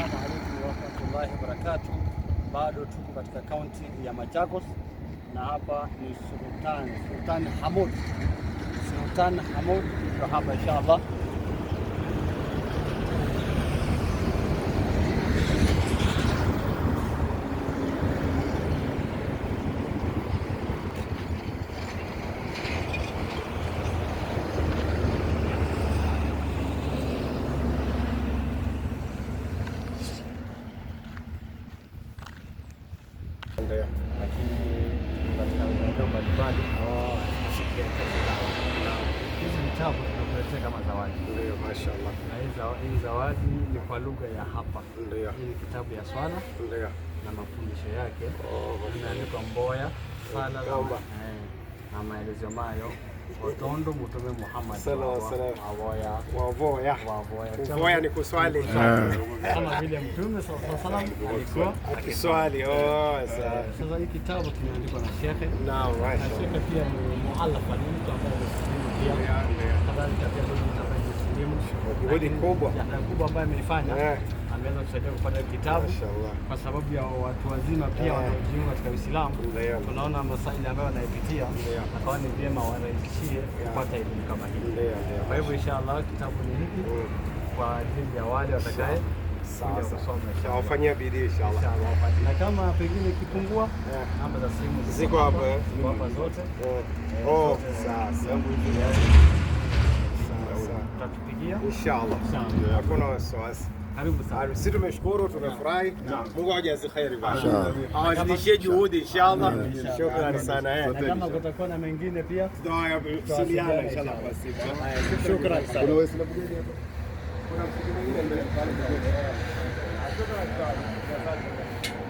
Assalamu alaikum warahmatullahi wabarakatuh. Bado tuko katika kaunti ya Machakos na hapa ni Sultan Sultan Hamud Sultan Hamud, ndio hapa inshallah. maendeleo, lakini katika maeneo mbalimbali oh, hizi vitabu tunakuletea kama zawadi. Ndio, mashaallah. Na hii zawadi ni kwa lugha ya hapa. Ndio. Hii kitabu ya swala. Ndio. Na mafundisho yake. Oh, imeandikwa Mboya. Sala na maelezo mayo otondo Mutume Muhammad sallallahu alaihi wasallam wavoya wavoya ni kuswali kama vile Mtume sallallahu alaihi wasallam alikuwa akiswali. Oh, sasa sasa hii kitabu kimeandikwa na shekhe na shekhe pia ni muallaf, wa mtu ambaye amesilimu pia, kadhalika pia ni mtu ambaye amesilimu. kubwa kubwa ambaye ameifanya eh ameweza kusaidia kupata kitabu kwa sababu ya watu wazima pia eh. wanaojiunga katika Uislamu. Tunaona masaili ambayo wanaipitia, akawa ni vyema warahisishie kupata elimu kama hii. Kwa hivyo inshallah kitabu ni hiki mm. kwa ajili ya wale watakaye wafanyia bidii inshallah. Na kama pengine kipungua eh. namba za simu ziko eh. hapa zote. Oh, sasa inshallah, hakuna wasiwasi. karibu sana. Sisi tumeshukuru, tumefurahi. Mungu awajaze kheri bwana. Awazidishie juhudi inshallah. Shukrani sana. Kama kutakuwa na mengine pia tutawasiliana inshallah kwa simu. Shukrani sana. Kuna wewe kuna mtu mwingine mbele pale. Shukrani sana.